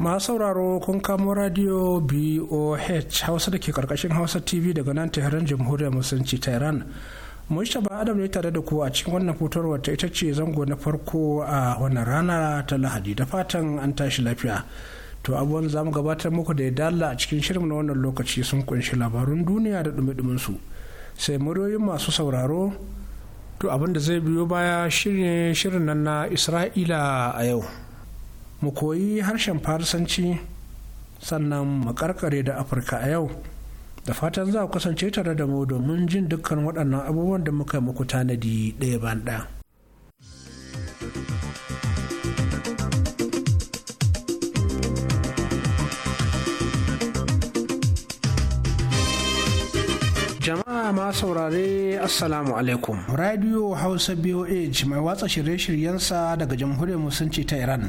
masu sauraro kun kamo radio boh hausa da ke karkashin hausa tv daga nan tehran jamhuriyar musulunci ta iran ba adam ne tare da ku a cikin wannan fitowar ta ita ce zango na farko a wannan rana ta lahadi da fatan an tashi lafiya to abubuwan za mu gabatar muku da ya dala a cikin shirin na wannan lokaci sun kunshi labarun duniya da dumi su sai muryoyin masu sauraro to abin da zai biyo baya shine shirin nan na isra'ila a yau mu koyi harshen farisanci sannan mu karkare da afirka a yau da fatan za ku kasance tare da mu domin jin dukkan waɗannan abubuwan da muka muku tanadi ɗaya ban jama'a ma saurare assalamu alaikum radio hausa boh mai watsa shirye-shiryensa daga jamhuriyar musulunci ta iran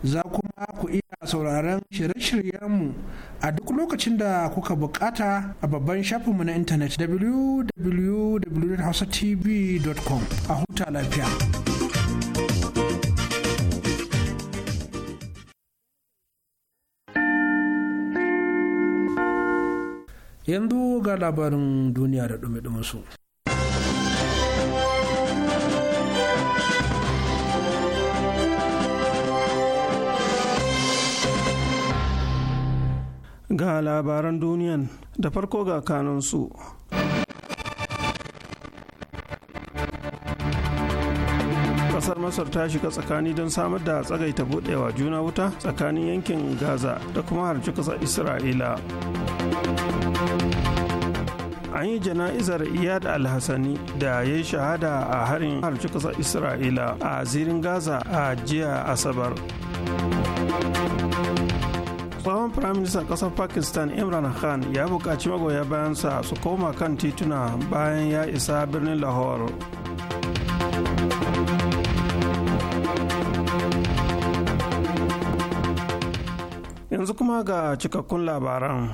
za kuma ku iya sauraron shirye-shiryenmu a duk lokacin da kuka bukata a babban shafinmu na intanet www.hausatv.com a huta lafiya. Yanzu ga labarin duniya da ɗume su. ga labaran duniyan da farko ga kanansu. kasar masar ta shiga tsakani don samar da tsagaita budewa juna wuta tsakanin yankin gaza da kuma harci kasar isra'ila an yi jana'izar iyad alhassani da ya yi shahada a harin harci kasar isra'ila a zirin gaza a jiya asabar tsohon firaministan ƙasar pakistan imran khan ya buƙaci magoya bayansa su koma kan tituna bayan ya isa birnin lahore yanzu kuma ga cikakkun labaran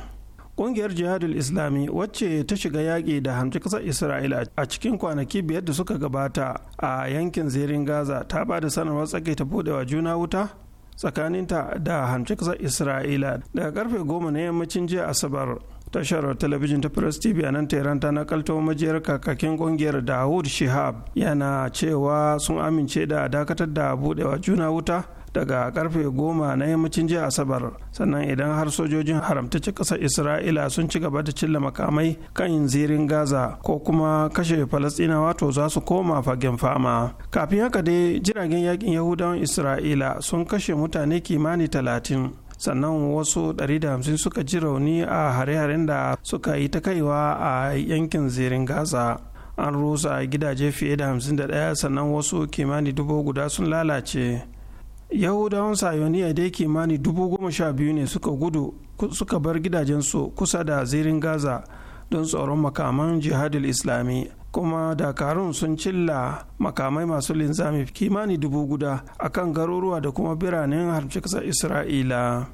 ƙungiyar jihadul islami wacce ta shiga yaƙi da hamci ƙasar isra'ila a cikin kwanaki biyar da suka gabata a yankin zirin gaza ta ba da sanarwar tsakaita ta buɗewa juna wuta tsakaninta da hamci isra'ila daga karfe goma na yammacin jiya asabar tashar talabijin ta press tv a nan tehran ta nakalto majiyar kakakin kungiyar dawud shihab yana cewa sun amince da dakatar da buɗewa juna wuta daga karfe goma na yammacin jiya asabar sannan idan har sojojin haramtacce kasar isra'ila sun ci gaba da cilla makamai kan yin zirin gaza ko kuma kashe falastinawa to za su koma fagen fama kafin haka dai jiragen yakin yahudawan isra'ila sun kashe mutane kimani talatin sannan wasu 150 suka ji rauni a hare-haren da suka yi ta kaiwa a yankin zirin gaza an rusa gidaje fiye da 51 sannan wasu kimani dubu guda sun lalace yahudawan sayoniya dai kimani dubu goma sha biyu ne suka gudu suka bar gidajensu kusa da zirin gaza don tsoron makaman jihadul islami kuma dakarun sun cilla makamai masu linzami kimani dubu guda akan garuruwa da kuma biranen harciksa isra'ila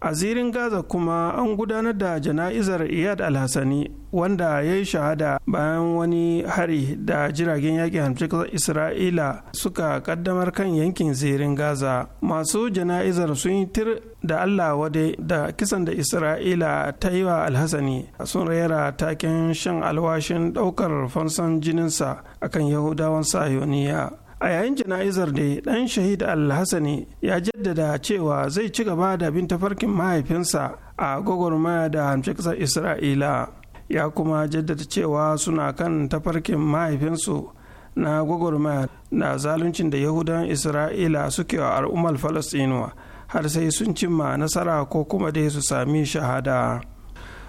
a zirin gaza kuma an gudanar da jana'izar iyad alhassani wanda ya yi shahada bayan wani hari da jiragen yakin hamshikar isra'ila suka kaddamar kan yankin zirin gaza masu jana'izar sun yi tir da allah wade da kisan da isra'ila ta yi wa alhassani sun rera taken shan alwashin daukar fansan jininsa akan yahudawan sayoniya a yayin jana'izar da dan shahid alhassani ya jaddada cewa zai ci gaba da bin tafarkin mahaifinsa a gwagwarmaya da hamshe ƙasar isra'ila ya kuma jaddada cewa suna kan tafarkin mahaifinsu na gwagwarmaya na zaluncin da yahudan isra'ila suke wa al'ummar falastinuwa har sai sun cimma nasara ko kuma dai su sami shahada.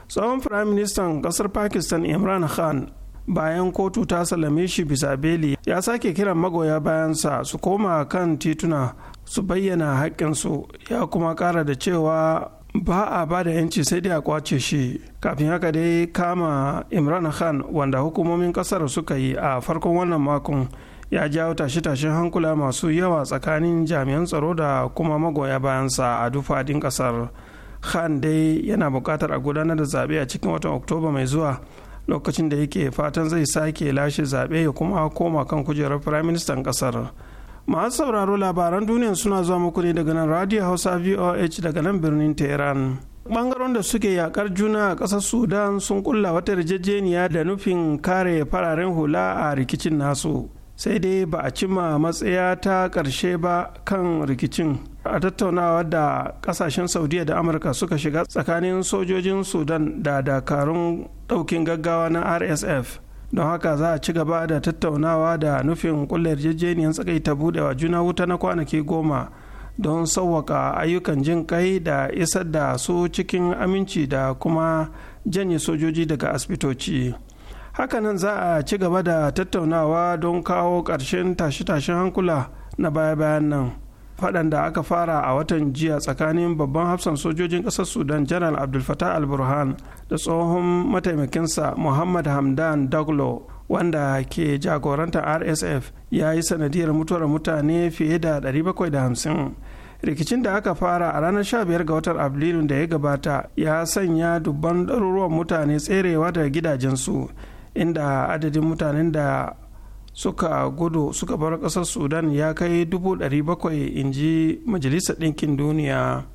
tsohon firaministan kasar pakistan imran khan bayan kotu ta salame shi bisa beli ya sake kiran magoya bayansa su koma kan tituna su bayyana haƙƙinsu ya kuma ƙara da cewa ba a ba da yanci sai dai a kwace shi kafin haka dai kama imran khan wanda hukumomin kasar suka yi a farkon wannan makon ya jawo tashe-tashen hankula masu yawa tsakanin jami'an tsaro da kuma magoya bayansa a dufaɗin kasar khan dai yana bukatar a gudanar da zaɓe a cikin watan oktoba mai zuwa lokacin da yake fatan zai sake lashe zaɓe ya kuma koma kan kujerar firaministan ƙasar masu sauraro labaran duniya suna zuwa muku ne daga nan radio hausa voh daga nan birnin tehran bangaren da suke yakar juna a ƙasar sudan sun kulla wata yarjejeniya da nufin kare fararen hula a rikicin nasu sai dai ba a cima matsaya ta ƙarshe ba kan rikicin a tattaunawa da kasashen saudiya da amurka suka shiga tsakanin sojojin sudan da dakarun daukin gaggawa na rsf don haka za a ci gaba da tattaunawa da nufin kulle yarjejeniyar ta budewa juna wuta na kwanaki goma don sauwaka ayyukan jin kai da isar da su cikin aminci da kuma janye sojoji daga asibitoci hakanan za a ci gaba da tattaunawa don kawo ƙarshen tashe-tashen hankula na baya-bayan nan. faɗan da aka fara a watan jiya tsakanin babban hafsan sojojin ƙasar sudan janar abdul fatah al-burhan da tsohon mataimakinsa muhammad hamdan daglo wanda ke jagorantar rsf ya yi sanadiyar mutuwar mutane fiye da 750 rikicin da aka fara a ranar 15 ga watan abrilun da ya gabata ya sanya dubban ɗaruruwan mutane tserewa daga gidajensu inda adadin mutanen da suka gudu suka bar ƙasar sudan ya kai 700,000 inji majalisar ɗinkin duniya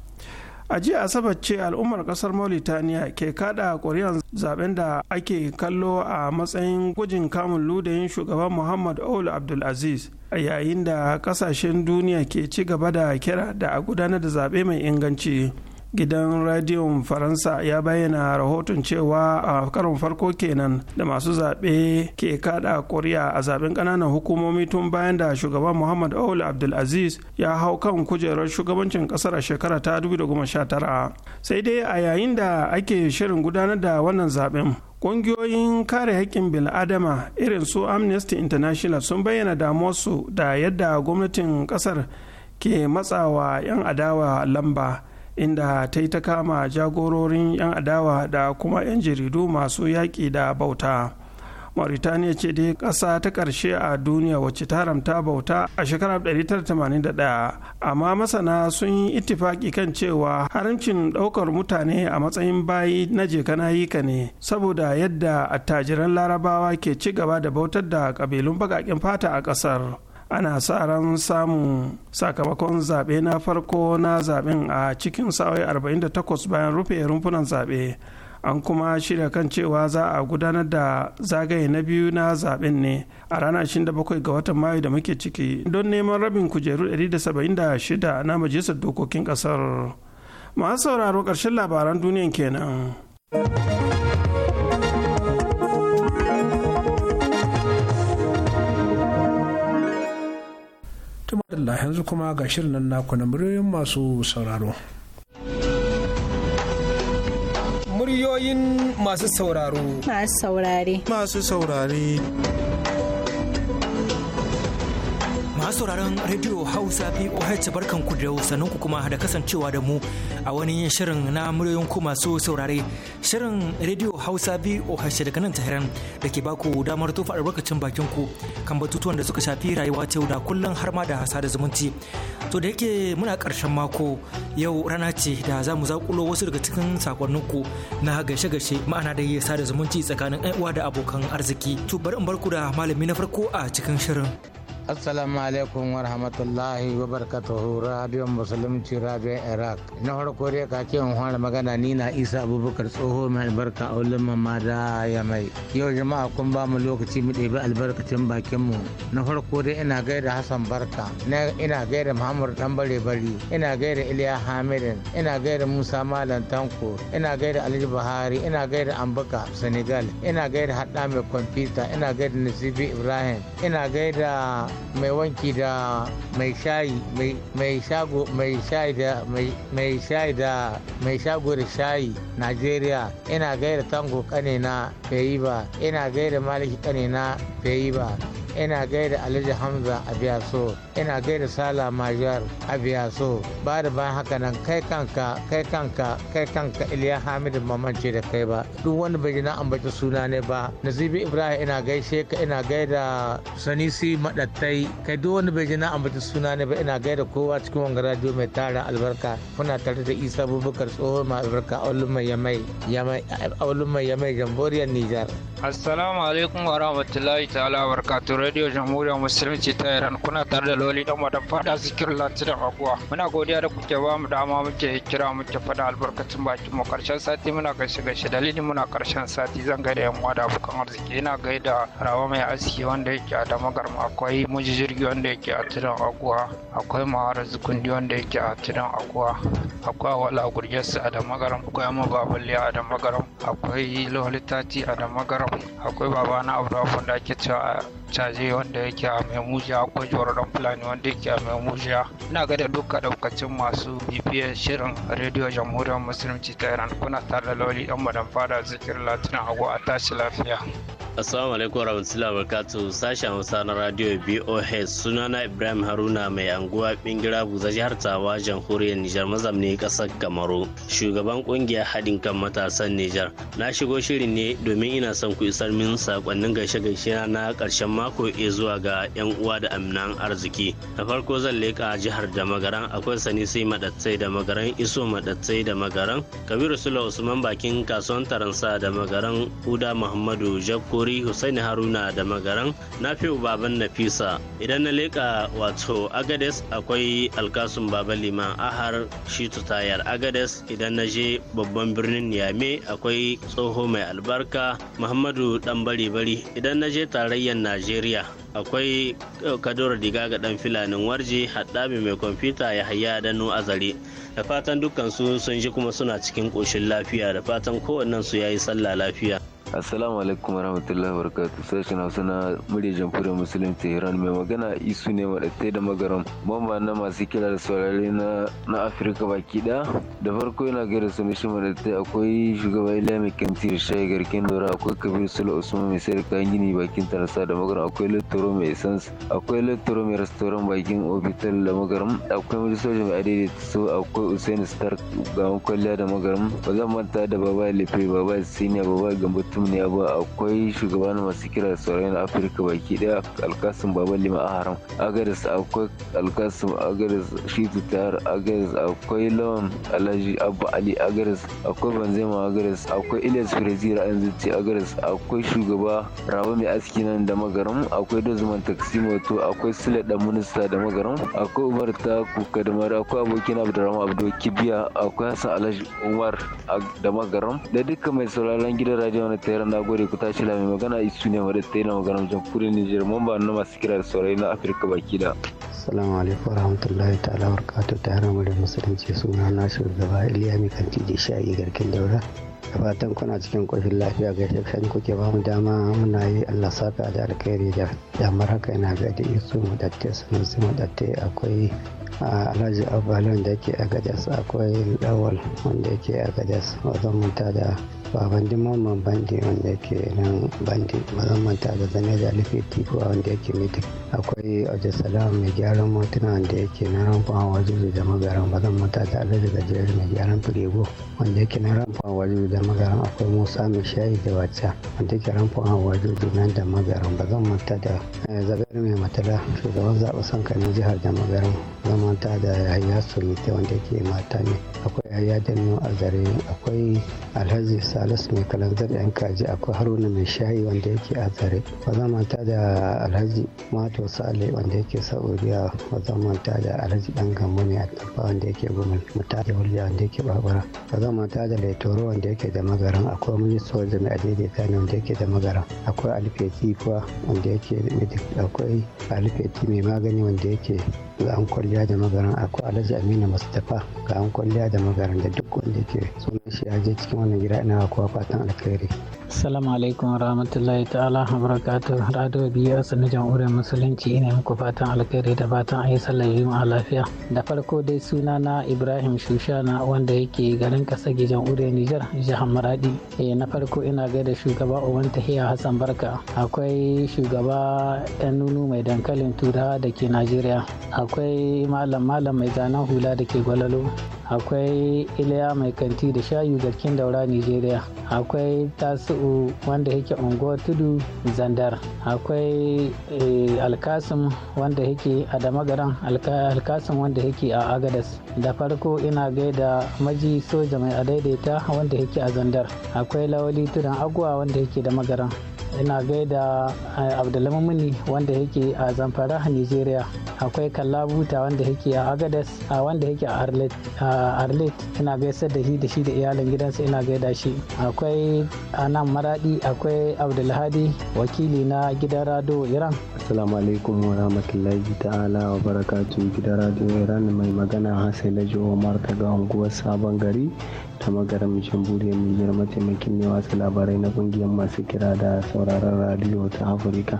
a jiya asabar ce al'ummar kasar mauritaniya ke kada ƙuri'ar zaben da ake kallo a matsayin gujin kamun ludayin shugaban muhammad ol abdulaziz a yayin da kasashen duniya ke ci gaba da kira da a gudanar da zaɓe mai inganci gidan radiyon faransa ya bayyana rahoton cewa a karon farko kenan da masu zaɓe ke kada kuri'a a zaɓen ƙananan hukumomi tun bayan da shugaban muhammad awul abdulaziz ya hau kan kujerar shugabancin ƙasar a shekara ta 2019 sai dai a yayin da ake shirin gudanar da wannan zaɓen Ƙungiyoyin kare haƙƙin bil'adama irin su Amnesty International sun bayyana damuwarsu da yadda gwamnatin ƙasar ke matsawa 'yan adawa lamba inda ta yi ta kama jagororin 'yan adawa da kuma 'yan jaridu masu yaƙi da bauta mauritaniya ce dai ƙasa ta ƙarshe a duniya wacce ta haramta bauta a shekarar 1981 amma masana sun yi ittifaki kan cewa haramcin ɗaukar mutane a matsayin bayi na yika ne saboda yadda attajiran larabawa ke ci gaba da bautar da ƙabilun baƙaƙen fata a ƙasar ana sa ran samun sakamakon zaɓe na farko na zaɓen a cikin sa'o'i 48 bayan rufe rumfunan zaɓe an kuma shirya kan cewa za a gudanar da zagaye na biyu na zaɓen ne a ranar 27 ga watan mayu da muke ciki don neman rabin kujeru 176 na majalisar dokokin kasar masu sauraro ƙarshen labaran duniyan kenan. Tumadalla yanzu kuma ga shirin nan naku na muryoyin masu sauraro. Muryoyin masu sauraro. Masu saurare. Masu saurare. masu sauraron rediyo hausa voh barkan ku da sanin ku kuma da kasancewa da mu a wani shirin na muryoyin ku masu saurare shirin rediyo hausa voh daga nan tahiran da ke baku damar tofa albarkacin bakin ku kan batutuwan da suka shafi rayuwa ta yau da kullum har ma da hasa zumunci to da yake muna karshen mako yau rana ce da za mu zakulo wasu daga cikin sakonnin ku na gashe-gashe ma'ana da yi sada zumunci tsakanin uwa da abokan arziki to bari in barku da malami na farko a cikin shirin assalamu alaikum wa rahmatullahi wa barakatuhu radiyon musulunci radiyon iraq na farko dai kakin fara magana ni na isa abubakar tsoho mai albarka a wulin mamma da ya mai yau jama'a kun ba mu lokaci mu ɗebi albarkacin bakin mu na farko dai ina gaida hassan barka ina gaida muhammad dan bare bari ina gaida iliya hamidin ina gaida musa malam tanko ina gaida alhaji buhari ina gaida ambaka senegal ina gaida hadda mai kwamfuta ina gaida nasibi ibrahim ina gaida mai wanki da mai shayi mai shago mai shayi da mai shayi da mai shago da shayi Najeriya ina gaida tango kane na bai ba ina gaida maliki kane na bai ba ina gaida alhaji hamza a biya so ina gaida sala majiyar a biya so ba da ba haka nan kai kanka kai kanka kai kanka iliya hamidu mamance da kai ba duk wani bai na ambaci suna ne ba nazibi ibrahim ina gaishe ka ina gaida sanisi madattai kai duk wani bai na ambaci suna ne ba ina gaida kowa cikin wanga radio mai tara albarka kuna tare da isa abubakar tsohon ma albarka aulun mai yamai yamai aulun mai yamai jamboriyar nijar assalamu alaikum wa rahmatullahi ta'ala wa barakatuh radio jamhuriyar musulunci ta iran kuna tare da loli dan wadan fada zikir da aguwa muna godiya da kuke ba mu dama muke kira muke fada albarkacin bakin mu karshen sati muna gaishe gaishe dalilin muna karshen sati zan gaida yan wada da abokan arziki ina gaida rawa mai aski wanda yake a mu. akwai muji jirgi wanda yake a tiran aguwa akwai mahara zukundi wanda yake a tiran aguwa akwai wala gurgesa a mu. akwai amma a a mu. akwai lolitati a mu. akwai babana abu da ake cewa zai wanda yake a Memuja akwai Jawar Fulani wanda yake a Memuja. Ina ga da duka daukacin masu bibiyar shirin rediyo Jamhuriyar Musulunci ta Iran kuna tare da Lawli Dan Madan Fada Zikir Latin Hago a tashi lafiya. Assalamu alaikum warahmatullahi wabarakatuh sashen Hausa na radio BOH sunana Ibrahim Haruna mai anguwa bingira buza jihar Tawa jamhuriyar Nijar mazamni kasar Kamaru shugaban kungiyar haɗin kan matasan Nijar na shigo shirin ne domin ina son ku isar min sakonnin gaishe gaishe na karshen mako sako zuwa ga 'yan uwa da aminan arziki da farko zan leka jihar da magaran akwai sanisi madatsai da magaran iso madatsai da magaran kabiru sula usman bakin kasuwan taransa da magaran huda muhammadu jakori husaini haruna da magaran fi baban nafisa idan na leƙa wato agades akwai alkasun baba liman ahar shitu tayar agades idan na je babban birnin Yame, akwai tsoho mai albarka muhammadu dan bari bari idan na je tarayyar najeriya akwai eh, kadoro diga ga dan filanin warje haɗabi mai kwamfuta ya haya nu azare da fatan dukkan su sun ji kuma suna cikin ƙoshin lafiya da fatan kowannen su yayi sallah lafiya Assalamu alaikum warahmatullahi wabarakatuh sashen Hausa na murya jamhuriyar Musulun Tehran mai magana isu ne maɗattai da magaram mamba na masu kira da saurare na na Afirka baki da da farko yana gaida su mishi maɗattai akwai shugaba Iliya mai kanti da shayi garken dora akwai Kabir Sula Usman mai sayar kayan gini bakin tarasa da magaram akwai Lettoro mai essence akwai Lettoro mai restoran bakin ofital da magaram akwai Mujisoji mai da su akwai Usain Stark ga kwalliya da magaram ba zan manta da Baba Lefe Baba Siniya Baba Gambo ne ba akwai shugaban masu kira sauran afirka baki daya alkasim baba lima a haram agaris akwai alkasim agaris shi tutar agaris akwai lawan alhaji abba ali agaris akwai banzema agaris akwai ilyas firezi an zuci agaris akwai shugaba rabu mai aski nan da magaram akwai dozman moto akwai sule dan minista da magaram akwai umar ta kuka da mara akwai abokin abdurrahman abdul kibiya akwai hassan alhaji umar da magaram da duka mai sauraron gidan radio na tsayar na gode ku tashi lami magana isu ne wadda ta yi na maganar jamhuriyar Nijar mamba na masu kira da saurayi na Afirka baki da. Assalamu alaikum warahmatullahi ta'ala barkatu ta haramu wadda musulunci suna na shugaba Iliya Mikanti da sha'i garkin daura. Da fatan kuna cikin ƙoshin lafiya ga shekaru kuke ba mu dama muna yi Allah saka da alkhairi da damar haka yana ga da isu madatte sanusi madatte akwai alhaji abu da yake a gadas akwai lawal wanda yake a wajen manta da baban dimaman bandi wanda yake nan bandi musamman ta da zane da alifi tikuwa wanda yake mita akwai aje salam mai gyaran motuna wanda yake na ramfa waje da magaran musamman ta da alaji gajiyar mai gyaran firego wanda yake na ramfa waje da magaran akwai musa mai shayi da wata wanda yake ramfa waje da nan da magaran musamman ta da eh, zagar mai matala shugaban zaɓa sankanin jihar da magaran musamman ta da yaya sulite wanda yake mata ne akwai yaya da nuna azare akwai alhaji sa Salisu mai kalanzar yan kaji akwai Haruna mai shayi wanda yake azare ba zan manta da Alhaji Mato Sale wanda yake Saudiya ba zan manta da Alhaji Dan Gambo ne a Tampa wanda yake Gomel da Wulja wanda yake Babura ba zan manta da Laitoro wanda yake da Magaran akwai Minista da mai adaidaita ne wanda yake da Magaran akwai Alfeti kuwa wanda yake akwai Alfeti mai magani wanda yake ga an kwalliya da magaran akwai Alhaji amina Mustapha ga an kwalliya da magaran da duk wanda yake sunan shi ya je cikin wannan gida ina ma kowa fatan alkhairi Assalamu alaikum rahmatullahi ta'ala barakatuh Rado biyu a sanar jamhuriyar musulunci ina muku fatan alkhairi da fatan a ayi sallar juma'a lafiya. Da farko dai suna na Ibrahim Shushana wanda yake garin Kasage jamhuriyar Nijar jihar Maradi. Eh na farko ina da shugaba Owan Tahiya Hassan Barka. Akwai shugaba ɗan nunu mai dankalin turawa da ke Najeriya. Akwai malam malam mai zanen hula da ke Gwalalo. Akwai Iliya mai kanti da shayu garkin daura Nijeriya. akwai tasu'u wanda yake unguwar tudu zandar akwai eh, alkasim wanda yake a damagaran alkasim wanda yake a agadas da farko ina gaida maji soja mai adaidaita wanda yake a zandar akwai lawali tudan agwa wanda yake da magaran ina gaida eh, abdullamamuni wanda yake a zamfara nigeria akwai buta wanda yake a agadas a wanda yake a arlet ina gaisar da shi da shi da iyalin gidansa ina gaida shi akwai anan maradi akwai abdulhadi wakili na gidan rado iran assalamu alaikum wa rahmatullahi ta'ala wa barakatu gidan rado iran mai magana hassan lajo omar ga unguwar sabon gari ta magaram shambure mai girma taimakin newa labarai na kungiyar masu kira da sauraron radiyo ta afirka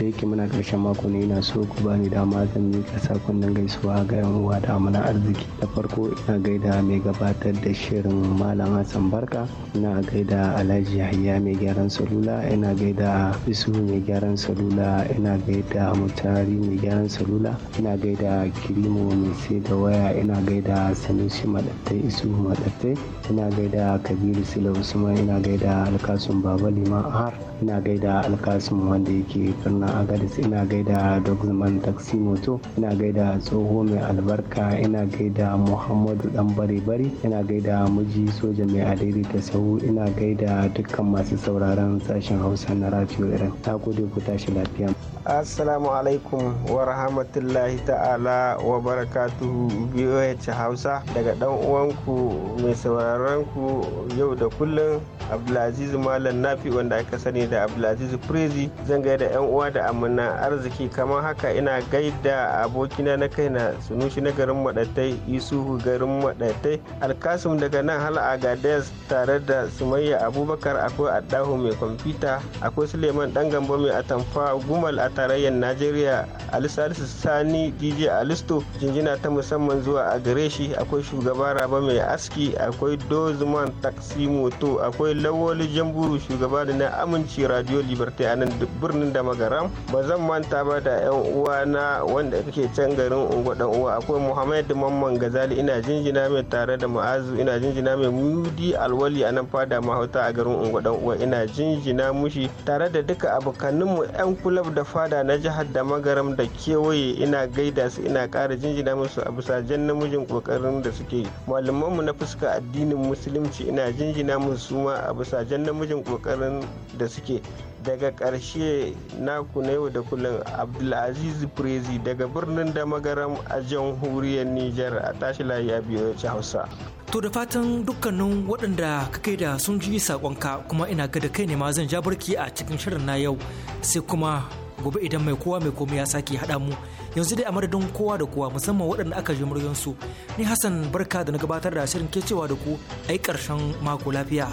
da yake muna karshen mako ne ina so ku bani dama zan miƙa sakonnin gaisuwa ga yan uwa da amana arziki da farko ina gaida mai gabatar da shirin malam hassan barka ina gaida alhaji yahya mai gyaran salula ina gaida isu mai gyaran salula ina gaida mutari mai gyaran salula ina gaida kirimo mai sai da waya ina gaida sanusi madattai isu madattai ina gaida kabiru sila usman ina gaida alkasun baba liman har ina gaida alkasun wanda yake birnin na agadis ina gaida dogman taxi moto ina gaida tsoho mai albarka ina gaida muhammadu dan bari bari ina gaida miji soja mai adiri ta sau ina gaida dukkan masu sauraron sashen hausa na radio irin ta gode ku tashi lafiya assalamu alaikum wa rahmatullahi ta'ala wa barakatuhu BOH Hausa daga dan uwanku mai sauraron ku yau da kullum Abdulaziz Malam Nafi wanda aka sani da Abdulaziz Prezi zan da yan uwa da amina arziki kamar haka ina gaida abokina na kai na sunushi na garin madatai Isuhu garin madatai Alkasim daga nan hal Agades tare da Sumayya Abubakar akwai Adahu mai kwamfuta akwai Suleiman dan gambo mai atamfa Gumal tarayyar najeriya alisalisu sani dj alisto jinjina ta musamman zuwa a gare shi akwai shugaba raba mai aski akwai dozman taksi moto akwai lawoli jamburu shugaba da na aminci radio liberty a nan birnin da magaram ba zan manta ba da yan uwa na wanda kake can garin ungo dan uwa akwai muhammad mamman gazali ina jinjina mai tare da ma'azu ina jinjina mai mudi alwali a nan fada mahauta a garin ungo dan uwa ina jinjina mushi tare da duka abokanninmu yan kulab da fada fada na jihar da magaram da kewaye ina gaida su ina kara jinjina musu a bisa jan namijin kokarin da suke malamanmu na fuska addinin musulunci ina jinjina musu ma a bisa jan namijin kokarin da suke daga ƙarshe naku na yau da kullum abdulaziz prezi daga birnin magaram a jamhuriyar niger a tashi lafiya biyu hausa to da fatan dukkanin waɗanda ka kai da sun ji saƙonka kuma ina ga da kai ne ma zan ja barki a cikin shirin na yau sai kuma gobe idan mai kowa mai komai ya sake haɗa mu yanzu dai a madadin kowa da kowa musamman waɗanda aka ji muryansu ni hassan barka da na gabatar da shirin cewa da ku a yi ƙarshen mako lafiya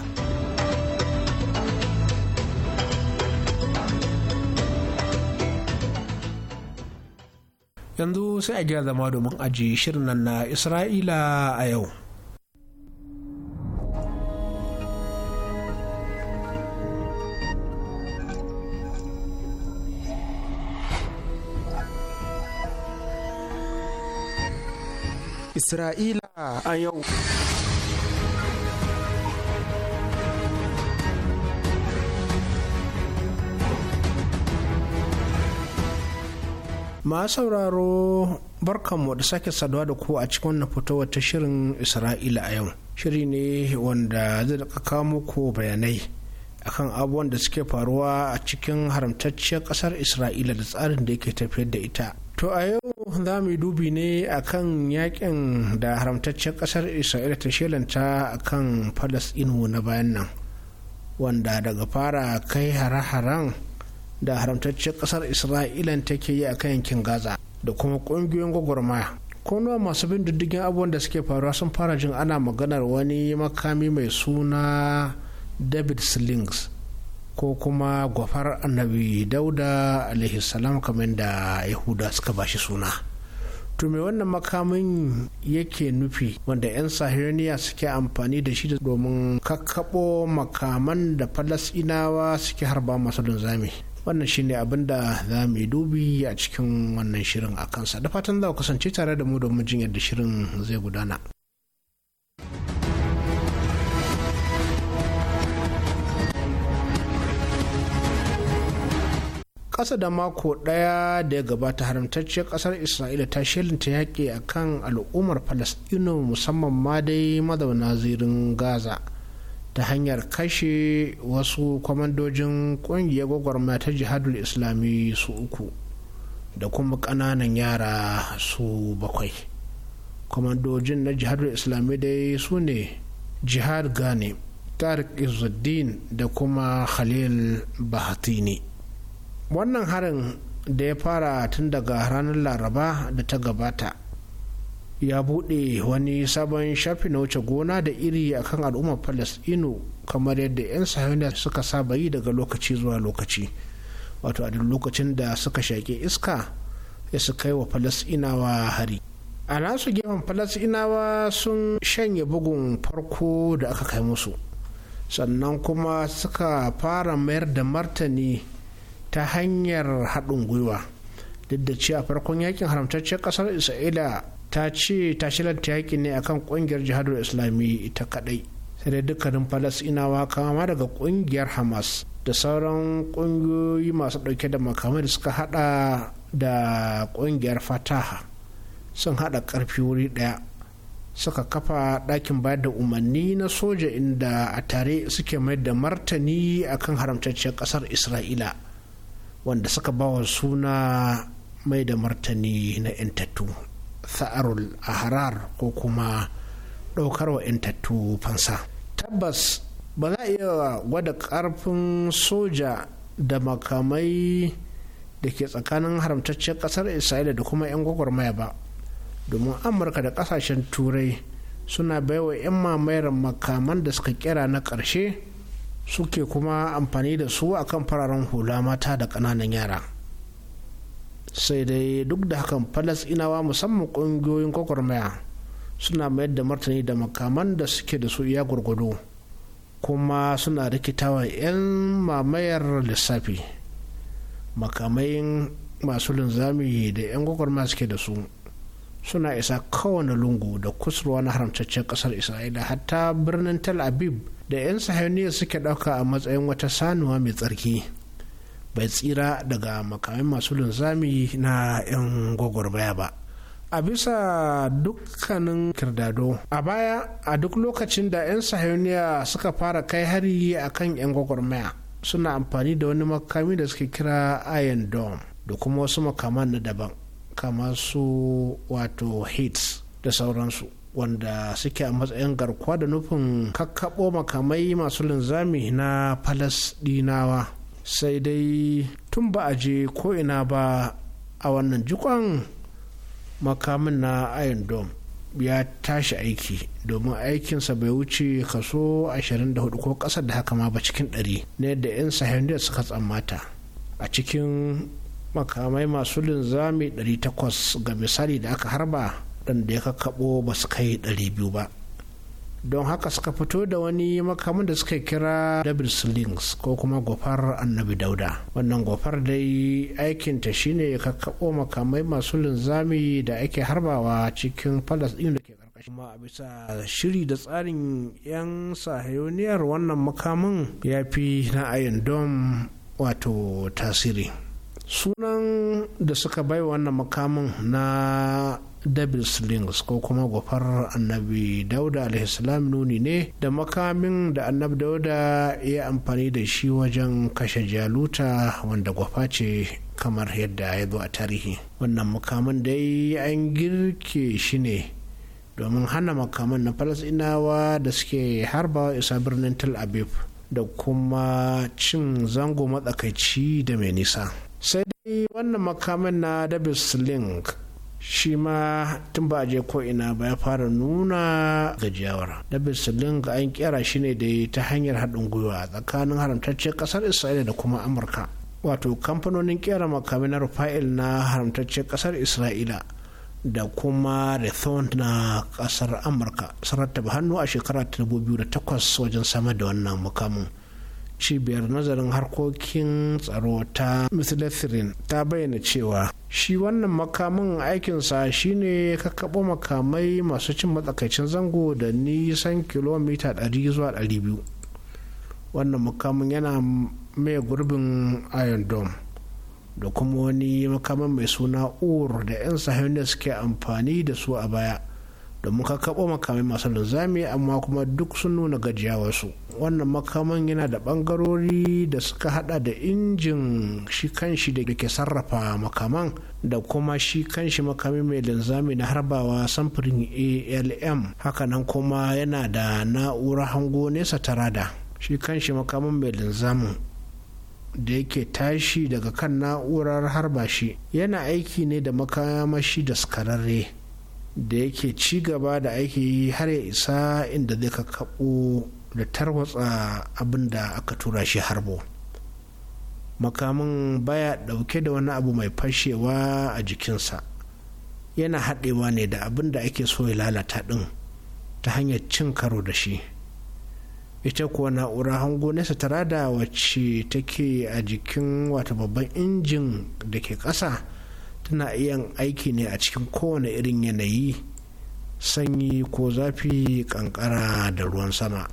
yanzu sai a gyara zama domin aji shirin nan na isra'ila a yau Isra'ila a yau. Ma sauraro barkanmu da sake saduwa da ku a cikin wannan fito ta shirin Isra'ila a yau. Shiri ne wanda zai da kawo muku bayanai akan abubuwan da suke faruwa a cikin haramtacciyar ƙasar Isra'ila da tsarin da yake tafiyar da ita. To a yau za mu yi dubi ne akan yakin da haramtaccen kasar isra'ila ta shelanta akan inu na bayan nan wanda daga fara kai hare-haren da haramtaccen kasar isra'ila take yi a kan yankin gaza da kuma ƙungiyoyin gwagwarmaya kuma masu bin diddigin abubuwan da suke faruwa sun fara jin ana maganar wani makami mai suna david slings ko kuma gwafar annabi dauda salam kamar da yahuda suka bashi suna to me wannan makamin yake nufi wanda 'yan sahiraniya suke amfani da shi domin kakkaɓo makaman da falasinawa suke harba masu linzami wannan shine abin da za mu yi dubi a cikin wannan shirin a kansa da fatan za ku kasance tare da mu domin jin yadda shirin zai gudana kasa da mako ɗaya da ya gabata haramtacciyar kasar isra'ila ta shirinta yaƙi a kan al'ummar falasɗinu musamman ma dai mazauna zirin gaza ta hanyar kashe wasu kwamandojin ƙungiyar gwagwarmaya ta jihadul islami su uku da kuma ƙananan yara su bakwai kwamandojin na jihadul islami dai su ne jihar gane tarik izuddin da kuma khalil bahatini wannan harin da ya fara tun daga ranar laraba da ta gabata ya buɗe wani sabon shafi na wuce gona da iri akan al'ummar palestino kamar yadda 'yan sahiyoniya suka saba yi daga lokaci zuwa lokaci wato a duk lokacin da suka shaƙe iska ya su kai wa palestinawa hari a nasu gefen palestinawa sun shanye bugun farko da aka kai musu sannan kuma suka fara mayar da martani ta hanyar haɗin gwiwa duk da cewa farkon yakin haramtacciyar ƙasar isra'ila ta ce ta shilanta yakin ne akan ƙungiyar jihadar islami ita kaɗai sai dai dukkanin falasinawa kama daga ƙungiyar hamas da sauran ƙungiyoyi masu ɗauke da makamai da suka haɗa da ƙungiyar fataha sun haɗa ƙarfi wuri ɗaya suka kafa ɗakin bayar da umarni na soja inda a tare suke mai da martani akan haramtacciyar ƙasar isra'ila wanda suka ba wa suna mai da martani na 'yantattu sa'arul harar ko kuma ɗaukar wa 'yantattu fansa tabbas ba za a iya gwada ƙarfin soja da makamai da ke tsakanin haramtaccen ƙasar isra'ila da kuma 'yan gwagwarmaya ba domin amurka da ƙasashen turai suna baiwa 'yan mamayar makaman da suka kera na ƙarshe suke kuma amfani da su akan fararen hula mata da ƙananan yara sai dai duk da hakan falasinawa musamman ƙungiyoyin kwakwarmaya suna mayar da martani da makaman da suke da su iya gwargwado kuma suna rikitawa 'yan mamayar lissafi makamai masu linzami da 'yan gwagwarmaya suke da su suna isa kowane lungu da kusurwa na haramtaccen kasar isra'ila hatta birnin tel aviv da 'yan sahauniya suke ɗauka a matsayin wata sanuwa mai tsarki bai tsira daga makamai masu linzami na 'yan gwagwarmaya ba a bisa dukkanin kirdado a baya a duk lokacin da 'yan sahauniya suka fara kai hari a kan 'yan gwagwarmaya suna amfani da wani makami da suke kira iron dome da kuma wasu makaman na daban kamar su wato hits da sauransu wanda suke a matsayin garkuwa da nufin kakkaɓo makamai masu linzami na falasdinawa sai dai tun ba a je ko'ina ba a wannan jikon makamin na iron dome ya tashi aiki domin aikinsa bai wuce kaso 24 ko ƙasa da haka ma ba cikin 100 ne da 'yan sahaniyar suka tsammata a cikin makamai masu linzami 800 ga misali da aka harba waɗanda ya kakaɓo ba su kai biyu ba don haka suka fito da wani makamin da suka kira double slings ko kuma gofar annabi dauda wannan gofar dai aikinta shine kakkaɓo makamai masu linzami da ake harbawa cikin falas ɗin da ke ƙarƙashin ma a bisa shiri da tsarin 'yan sahayoniyar wannan makamin ya fi na ayin dom wato tasiri sunan da suka bai wannan makamin na devil slings ko kuma gwafar annabi dauda alhislam nuni ne da makamin da annabi dauda ya amfani da shi wajen kashe jaluta wanda gwafa ce kamar yadda ya zo a tarihi wannan makamin dai an girke shi ne domin hana makaman na falasinawa da suke harba isa birnin tel aviv da kuma cin zango matsakaici da mai nisa sai dai wannan makamin na davis link shi ma tun ba je ko ina ba ya fara nuna gajiyawar davis link an kera shi ne da ta hanyar haɗin gwiwa a tsakanin haramtaccen kasar isra'ila da kuma amurka wato kamfanonin kera makamin na rufa'il na haramtaccen kasar isra'ila da kuma Rethon na kasar amurka sun rattaba hannu a shekara 2008 wajen samar da wannan mukamin cibiyar nazarin harkokin tsaro ta mislethrin ta bayyana cewa shi wannan makamin aikinsa shine kakkaɓo makamai masu cin matsakaicin zango da nisan kilomita 100 zuwa 200 wannan makamin yana mai gurbin iron dome da kuma wani makamin mai suna ur da 'yan sahiyar da suke amfani da su a baya da muka kaɓo makamai masu linzami amma kuma duk sun nuna gajiyawarsu wannan makaman yana da ɓangarori da suka hada da injin shi kanshi da ke sarrafa makaman da kuma shi kanshi makami mai linzami na harbawa samfurin alm hakanan kuma yana da na'urar hango nesa ta rada shi kanshi makaman mai linzamin da yake tashi daga kan na'urar harba shi yana aiki ne da makamashi da daskararre da yake ci gaba da aiki har ya isa inda zai ka kaɓo da tarwatsa abin da aka tura shi harbo makamin baya dauke da wani abu mai fashewa a jikinsa yana haɗewa ne da abin da ake so ya lalata ɗin ta hanyar cin karo da shi ita kuwa na'ura hango nesa tara da wacce take a jikin wata babban injin da ke ƙasa tana iya aiki ne a cikin kowane irin yanayi sanyi ko zafi kankara da ruwan sama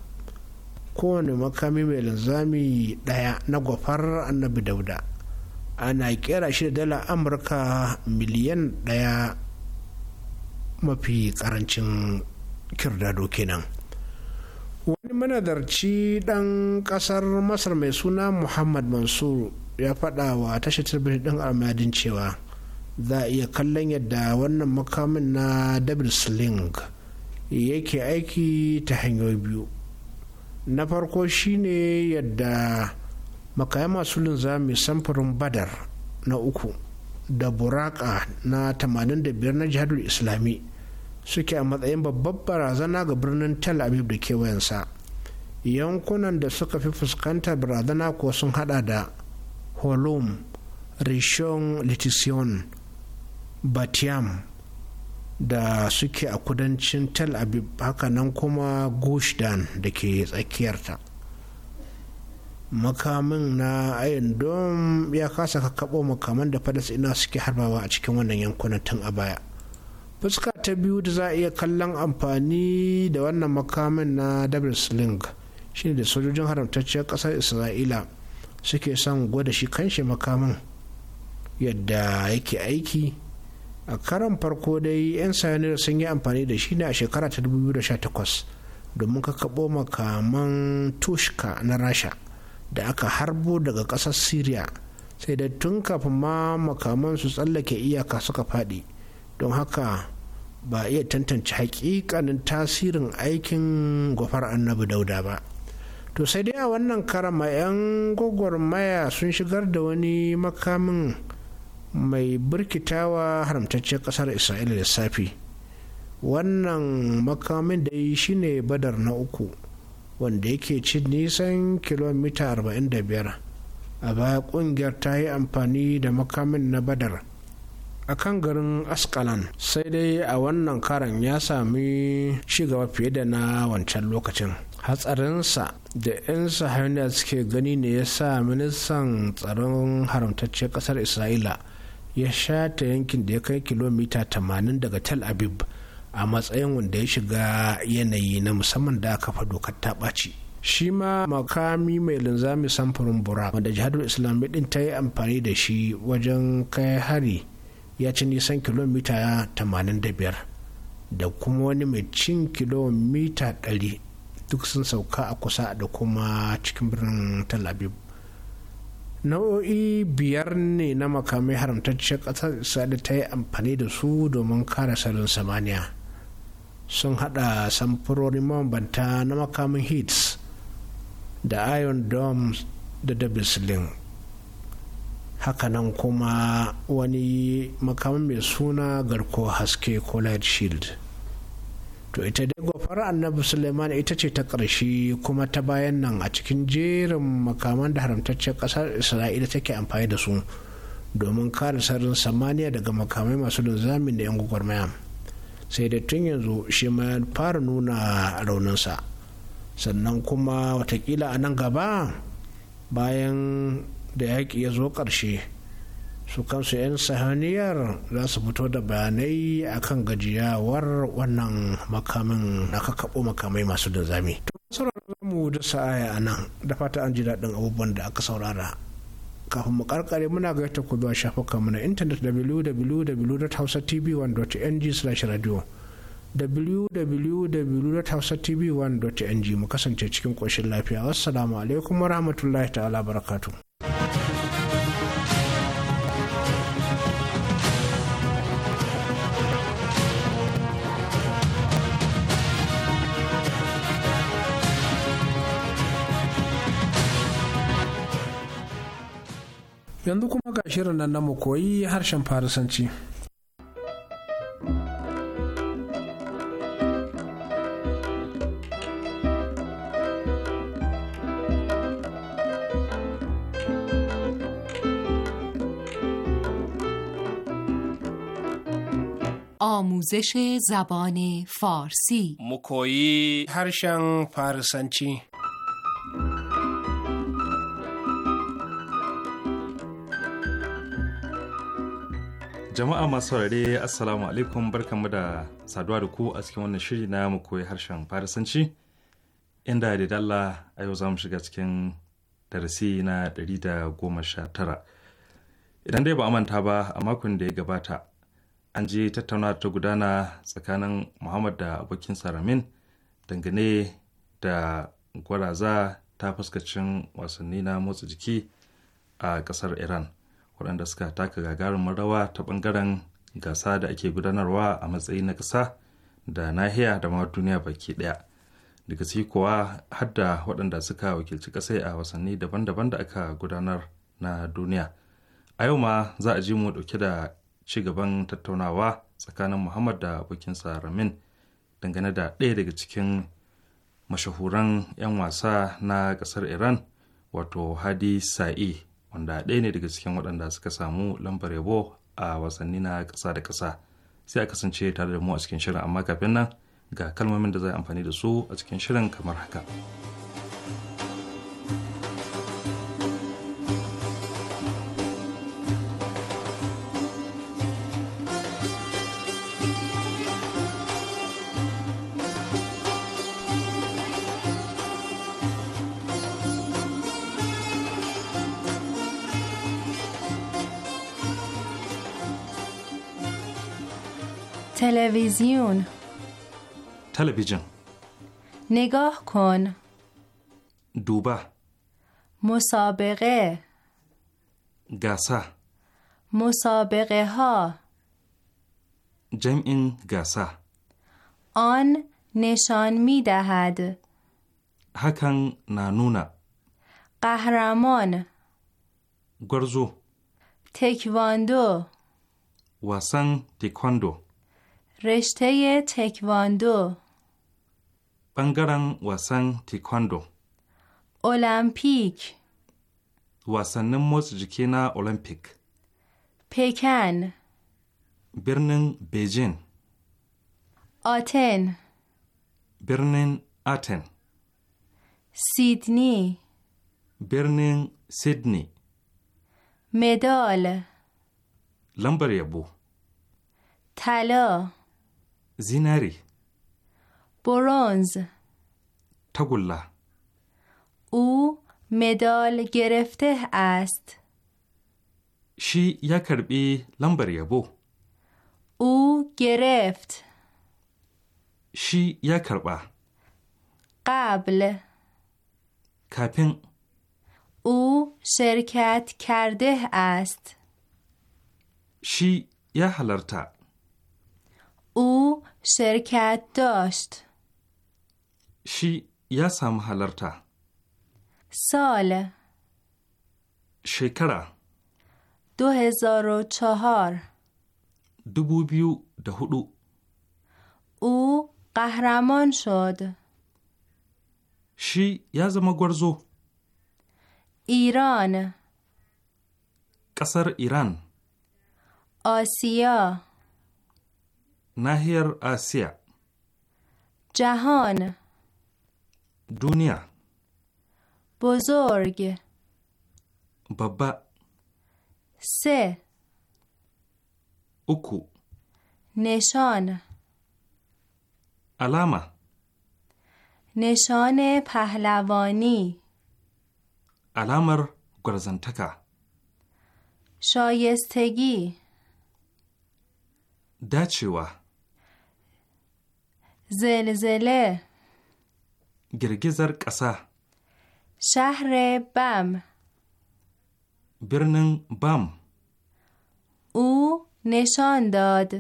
kowane makami mai linzami daya na gwafar annabi dauda ana kera shi da dala amurka miliyan daya mafi karancin kirdado kenan wani manadarci dan kasar masar mai suna muhammad mansur ya faɗa wa tashar talabijin ɗin almadin cewa za a iya kallon yadda wannan makamin na double sling yake aiki ta hanyoyi biyu na farko shine yadda makayi masu linzami samfurin badar na uku da buraka na 85 na jihadul islami suke a matsayin babbar barazana ga birnin tel aviv da kewayensa yankunan da suka fi fuskantar barazana ko sun hada da holom rishon litision batiam da suke a kudancin tel aviv nan kuma gushdan da ke tsakiyarta makamin na ayin dom ya kasa kaɓo makaman da ina suke harbawa a cikin wannan yankunan tun a baya fuska ta biyu da za a iya kallon amfani da wannan makamin na double sling shine da sojojin haramtacciyar kasar isra'ila suke son gwada shi kanshi makamin yadda yake aiki a karon farko dai 'yan sayanar sun yi amfani da shi ne a shekara ta 2018 domin ka kaɓo makaman tushka na rasha da aka harbo daga ƙasar syria sai da tun kafin ma makaman su tsallake iyaka suka faɗi don haka ba a iya tantance hakikanin tasirin aikin gwafar annabi dauda ba to sai dai a wannan karama 'yan gwagwarmaya sun shigar da wani makamin mai birkitawa haramtaccen kasar isra'ila lissafi wannan makamin da yi shine badar na uku wanda yake ci nisan kilomita 45 a baya kungiyar ta yi amfani da makamin na badar a kan garin askalan sai dai a wannan karan ya sami shigaba fiye da na wancan lokacin hatsarinsa da 'yan sahayyar suke gani ne ya sa ministan tsaron haramtacciyar kasar isra'ila ya shata yankin da ya kai kilomita 80 daga tel aviv a matsayin wanda ya shiga yanayi na musamman da aka fa dokar ta ɓaci shi ma makami mai linzami samfurin bura wanda jihadar islami din ta yi amfani da shi wajen kai hari ya ci nisan kilomita 85 da kuma wani mai cin kilomita 100 duk sun sauka a kusa da kuma cikin birnin tel aviv nau'o'i biyar ne na makamai haramtaccen ƙasar isra'ila ta yi amfani da su domin kare salon samaniya sun hada samfurorin mambanta na makamin hits da iron dome da dabisling hakanan kuma wani makamin mai suna garko haske ko light shield to ita dai gofar annabi suleiman ita ce ta ƙarshe kuma ta bayan nan a cikin jerin makaman da haramtaccen ƙasar isra'ila take amfani da su domin kare sararin samaniya daga makamai masu linzamin da 'yan gwagwarmaya sai da tun yanzu shi ma ya fara nuna rauninsa sannan kuma watakila a nan gaba bayan da yaƙi ya zo ƙarshe su kansu 'yan sahaniyar za su fito da bayanai akan gajiyawar wannan makamin na kakaɓo makamai masu da zami mu da sa'aya a nan da fata an ji daɗin abubuwan da aka saurara kafin mu karkare muna ga ta ku zuwa shafukanmu na intanet www.hausatv1.ng/radio www.hausatv1.ng mu kasance cikin ƙoshin lafiya wassalamu alaikum warahmatullahi ta'ala barakatu. yanzu kuma ga shirin nan na mu koyi harshen farisanci آموزش زبان فارسی مکویی هرشن فارسنچی Jama'a masu saurare Assalamu alaikum barkanmu da saduwa da ku a cikin wannan shiri na mu koyi harshen Farisanci inda da dalla a yau za mu shiga cikin darasi na ɗari da goma sha tara. Idan dai ba a manta ba a makon da ya gabata an je tattauna ta gudana tsakanin Muhammad da abokin Saramin dangane da gwaraza ta fuskacin wasanni na motsa jiki a kasar Iran. waɗanda suka taka gagarumin rawa ta ɓangaren gasa da ake gudanarwa a matsayi na ƙasa da nahiya da ma duniya baki ɗaya daga ciki kuwa hadda waɗanda suka wakilci ƙasai a wasanni daban-daban da aka gudanar na duniya a yau ma za a ji mu ɗauke da ci gaban tattaunawa tsakanin muhammad da abokinsa ramin dangane da ɗaya daga cikin mashahuran 'yan wasa na ƙasar iran wato hadi sa'i wanda ɗaya ne daga cikin waɗanda suka samu lambar yabo a wasanni na ƙasa da ƙasa sai a kasance tare da mu a cikin shirin amma kafin nan ga kalmomin da za a amfani da su a cikin shirin kamar haka. تلویزیون تلویزیون نگاه کن دوبه مسابقه گسه مسابقه ها جمع گسه آن نشان می دهد هکن نانونا قهرمان گرزو تکواندو واسن تکواندو رشته تکواندو بنگرن واسن تکواندو المپیک واسنن موز جکی نا المپیک پکن برنن بیجین آتن برنن آتن سیدنی برنن سیدنی مدال لمبر یبو طلا زیناری برونز تگولا او مدال گرفته است شی یا کربی لمبر یبو او گرفت شی یا کربا قبل کپین او شرکت کرده است شی یا حلرتا او شرکت داشت شی یا سم حلرتا سال شکره دو هزار و چهار دو بیو او قهرمان شد شی یا زما گرزو ایران قصر ایران آسیا نهیر آسیا جهان دنیا بزرگ بابا سه اکو نشان علامه نشان پهلوانی علامر گرزنتکا شایستگی دچوه زلزله گرگزر قسا شهر بم برنن بم او نشان داد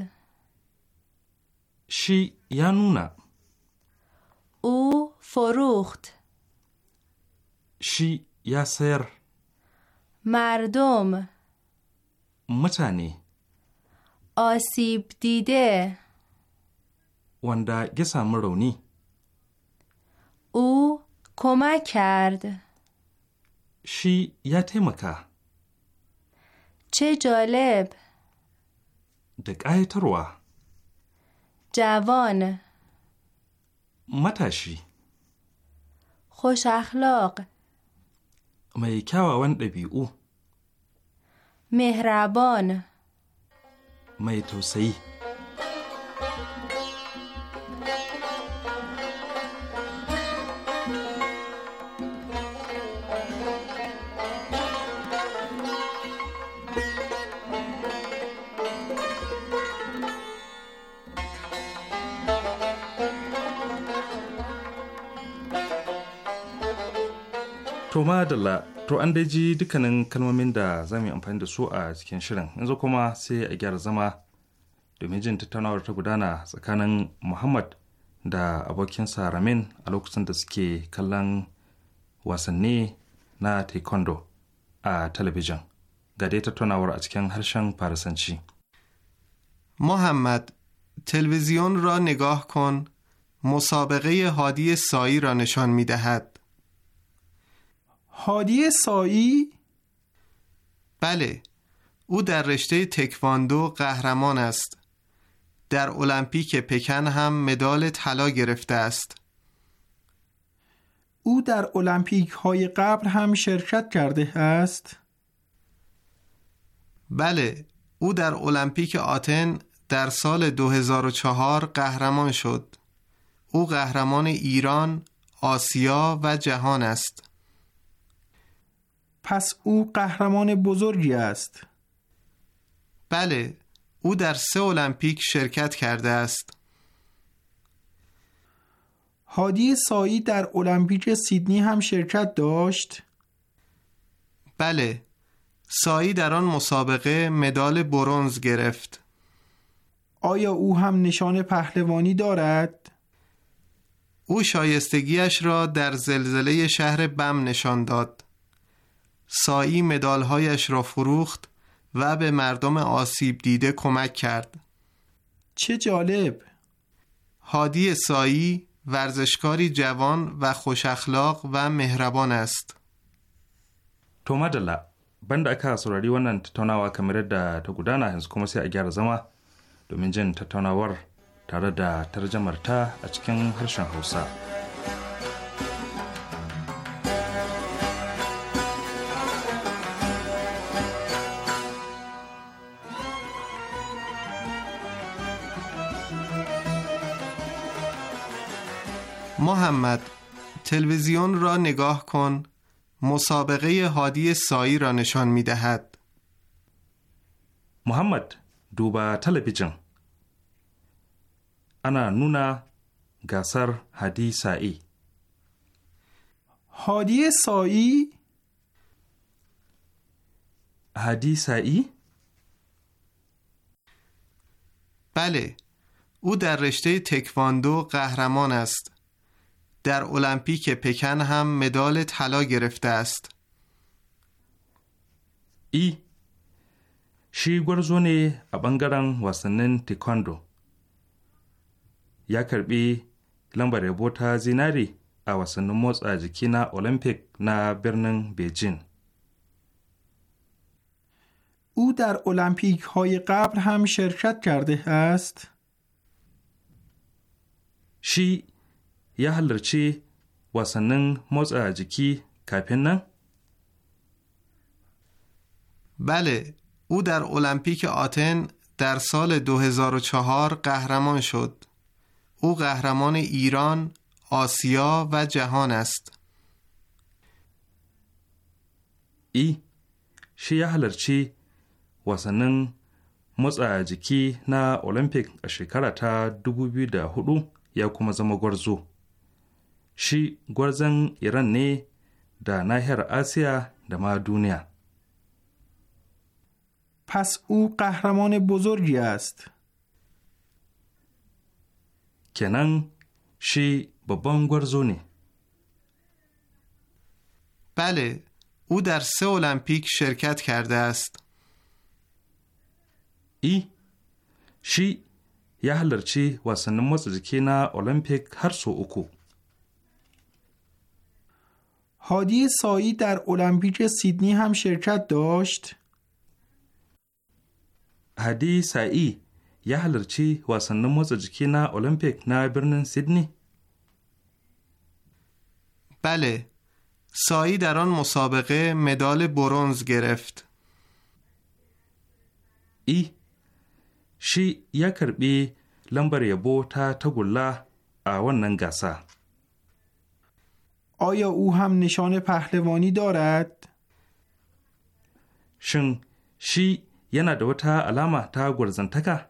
شی یانونا او فروخت شی یاسر مردم متانی آسیب دیده واندا گه سامو رونی او کمک کرد شی یا چه جالب دقایتروا جوان متشی خوش اخلاق mai او مهربان Mehraban. Mai tausayi. madalla to an dai ji dukkanin kalmomin da za mu yi amfani da su a cikin shirin yanzu kuma sai a gyara zama domin jin tattaunawar ta gudana tsakanin muhammad da abokinsa ramin a lokacin da suke kallon wasanni na taekwondo a talabijin ga dai tattaunawar a cikin harshen farisanci muhammad تلویزیون را نگاه کن مسابقه هادی سایی را نشان می دهد. هادی سایی؟ بله او در رشته تکواندو قهرمان است در المپیک پکن هم مدال طلا گرفته است او در المپیک های قبل هم شرکت کرده است بله او در المپیک آتن در سال 2004 قهرمان شد او قهرمان ایران، آسیا و جهان است پس او قهرمان بزرگی است بله او در سه المپیک شرکت کرده است هادی سایی در المپیک سیدنی هم شرکت داشت بله سایی در آن مسابقه مدال برونز گرفت آیا او هم نشان پهلوانی دارد؟ او شایستگیش را در زلزله شهر بم نشان داد سایی مدالهایش را فروخت و به مردم آسیب دیده کمک کرد چه جالب هادی سایی ورزشکاری جوان و خوش اخلاق و مهربان است تو مدلا بند اکا سراری ونن تتاناوه کمیره دا تا هنز کمسی اگر زما دومین جن تتوناور تاره دا ترجمه تا اچکن هرشن harshen موسیقی محمد تلویزیون را نگاه کن مسابقه هادی سایی را نشان می دهد محمد دوبا تلویزیون انا نونا گسر هادی سایی هادی سایی هادی سایی بله او در رشته تکواندو قهرمان است در المپیک پکن هم مدال طلا گرفته است. ای شی گورزونی ابنگران واسنن تیکاندو یا کربی لمبر بوتا زیناری ا واسنن موتسا المپیک نا برنن بیجین او در المپیک های قبل هم شرکت کرده است شی ya halarci wasannin motsa jiki kafin بله او در المپیک آتن در سال 2004 قهرمان شد او قهرمان ایران، آسیا و جهان است ای شیه هلرچی واسنن موسع جکی نه المپیک اشکالتا دوبوی ده هلو یا کمزم گرزو شی گرزن ایران نه در نهر آسیا در دنیا پس او قهرمان بزرگی است کنن شی بابان گرزونی. بله او در سه المپیک شرکت کرده است ای شی یه halarci و motsa jiki اولمپیک هر سو اکو. هادی سایی در المپیک سیدنی هم شرکت داشت؟ هادی سایی یا چی واسنن موز جکی نه المپیک نه برنن سیدنی؟ بله سایی در آن مسابقه مدال برونز گرفت ای شی یکر بی لمبر یبو تا تگولا آوان ننگسه. آیا او هم نشان پهلوانی دارد؟ شن شی ینا دوتا علامه تا گرزنتکه؟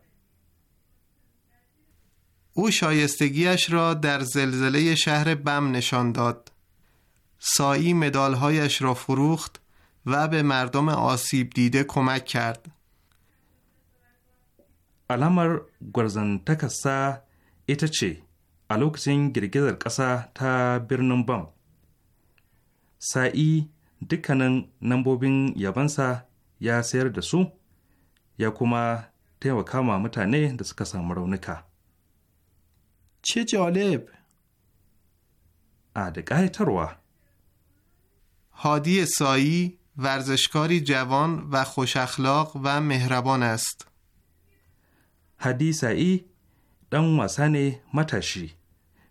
او شایستگیش را در زلزله شهر بم نشان داد. سایی مدالهایش را فروخت و به مردم آسیب دیده کمک کرد. علامر گرزن تکسا چه؟ چی؟ الوکسین گرگزر کسا تا برنم sa’i dukkanin nambobin yabansa ya sayar da su, ya kuma taimaka ma mutane da suka samu raunuka. Cijolib a da ƙayatarwa Hadiya sa’i warzashkari jawon wa khushakhlaq wa mehraban ast. Hadi sa’i ɗan wasa ne matashi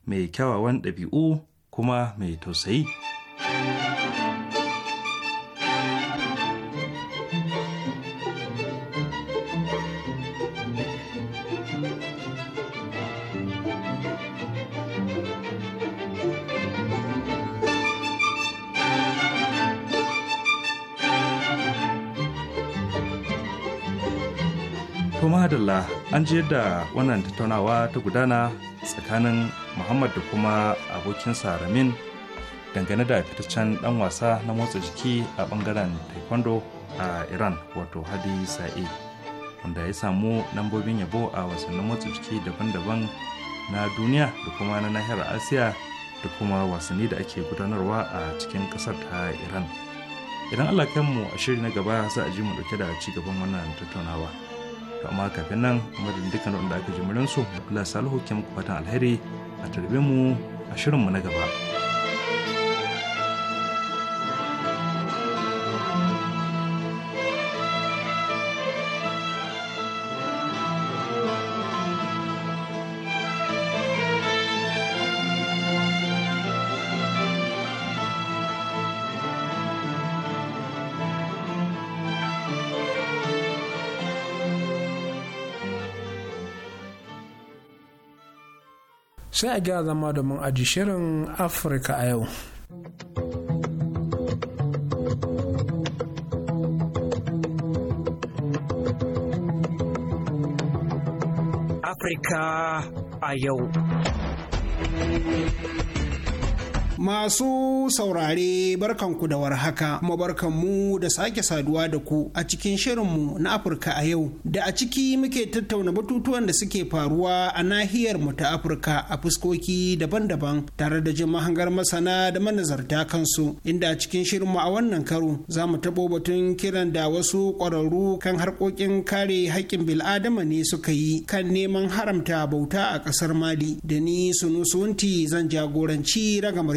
mai kyawawan ɗabi’u kuma mai tausayi. madalla an ji da wannan tattaunawa ta gudana tsakanin muhammad da kuma abokinsa ramin dangane da fitaccen dan wasa na motsa jiki a bangaren taekwondo a iran wato hadi sa'i wanda ya samu lambobin yabo a wasannin motsa jiki daban-daban na duniya da kuma na nahiyar asiya da kuma wasanni da ake gudanarwa a cikin kasar ta iran idan allah mu a shiri na gaba za a ji mu dauke da ci gaban wannan tattaunawa to amma kafin nan madadin dukkan wanda aka ji murinsu su kula salihu ke muku alheri a tarbe mu a shirinmu na gaba. sai a gina zama domin aji shirin afirka a yau afirka a yau Masu saurare barkanku da warhaka kuma mu da sake saduwa da ku a cikin shirin mu na Afirka a yau da a ciki muke tattauna batutuwan da suke faruwa a nahiyar mu ta Afirka a fuskoki daban-daban tare da jin mahangar masana da manazarta kansu inda a cikin shirin mu a wannan karo za mu tabo batun kiran da wasu ƙwararru kan harkokin kare haƙƙin bil'adama ne suka yi kan neman haramta bauta a ƙasar Mali da ni Sunusunti zan jagoranci ragamar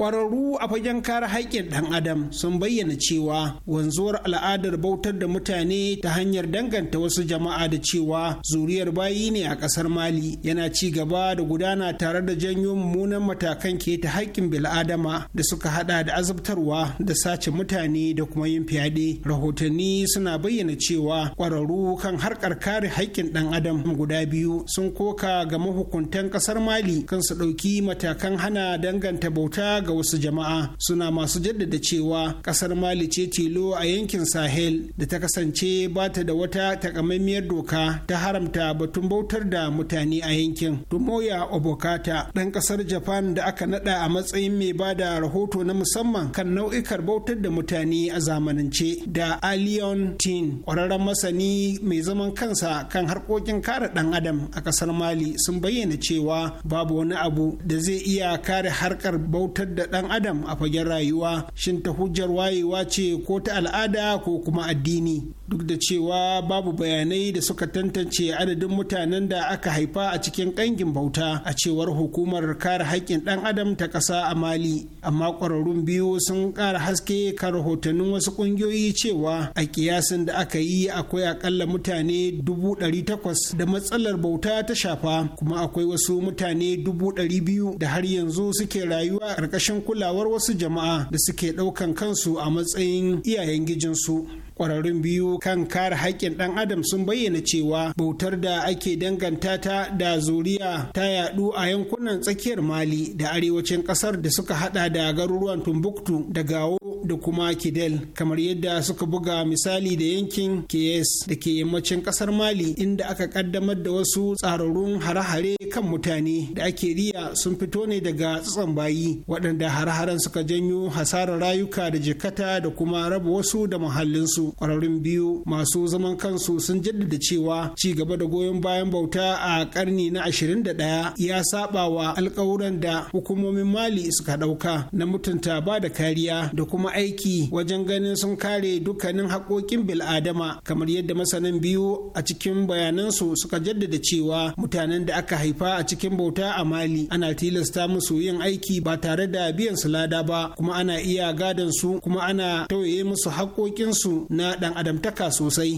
kwararru a fagen kare haƙƙin ɗan adam sun bayyana cewa wanzuwar al'adar bautar da mutane ta hanyar danganta wasu jama'a da cewa zuriyar bayi ne a ƙasar mali yana ci gaba da gudana tare da janyo mummunan matakan ke ta haƙƙin bil'adama da suka haɗa da azabtarwa da sace mutane da kuma yin fyaɗe rahotanni suna bayyana cewa kwararru kan harkar kare haƙƙin ɗan adam guda biyu sun koka ga mahukuntan ƙasar mali kan su ɗauki matakan hana danganta bauta ga ga wasu jama'a suna masu jaddada cewa kasar mali ce tilo a yankin sahel da ta kasance ba ta da wata takamaimiyar doka ta haramta batun bautar da mutane a yankin tumoya obokata ɗan kasar japan da aka nada a matsayin mai ba da rahoto na musamman kan nau'ikar bautar da mutane a zamanance da alion tin ƙwararren masani mai zaman kansa kan harkokin kare ɗan adam a kasar mali sun bayyana cewa babu wani abu da zai iya kare harkar bautar da da ɗan adam a fagen rayuwa shin ta hujjar wayewa ce ko ta al'ada ko kuma addini duk da cewa babu bayanai da suka tantance adadin mutanen da aka haifa a cikin ƙangin bauta a cewar hukumar kare haƙƙin ɗan adam ta ƙasa a mali amma ƙwararrun biyu sun ƙara haske kan rahotannin wasu ƙungiyoyi cewa a kiyasin da aka yi akwai aƙalla mutane dubu ɗari takwas da matsalar bauta ta shafa kuma akwai wasu mutane dubu ɗari biyu da har yanzu suke rayuwa a ƙarƙashin kulawar wasu jama'a da suke ɗaukan kansu a matsayin iyayen gijinsu. kwararrun biyu kan kare haƙƙin ɗan adam sun bayyana cewa bautar da ake danganta ta da zuriya ta yaɗu a yankunan tsakiyar mali da arewacin ƙasar da suka haɗa da garuruwan tumbuktu da gawo da kuma kidel kamar yadda suka buga misali da yankin keyes da ke yammacin ƙasar mali inda aka ƙaddamar da wasu tsararrun hare-hare kan mutane da ake riya sun fito ne daga tsatsan bayi waɗanda hare-haren suka janyo hasarar rayuka da jikata da kuma raba wasu da muhallinsu kwararrun biyu masu zaman kansu sun jaddada cewa ci gaba da goyon bayan bauta a karni na 21 ya saba wa alkawuran da hukumomin mali suka dauka na mutunta ba da kariya da kuma aiki wajen ganin sun kare dukkanin haƙoƙin bil'adama kamar yadda masanan biyu a cikin bayanansu suka jaddada cewa mutanen da aka haifa a cikin bauta a mali ana tilasta musu yin aiki ba tare da biyan su lada ba kuma ana iya gadon su kuma ana tauye musu haƙoƙinsu na ɗan adamtaka sosai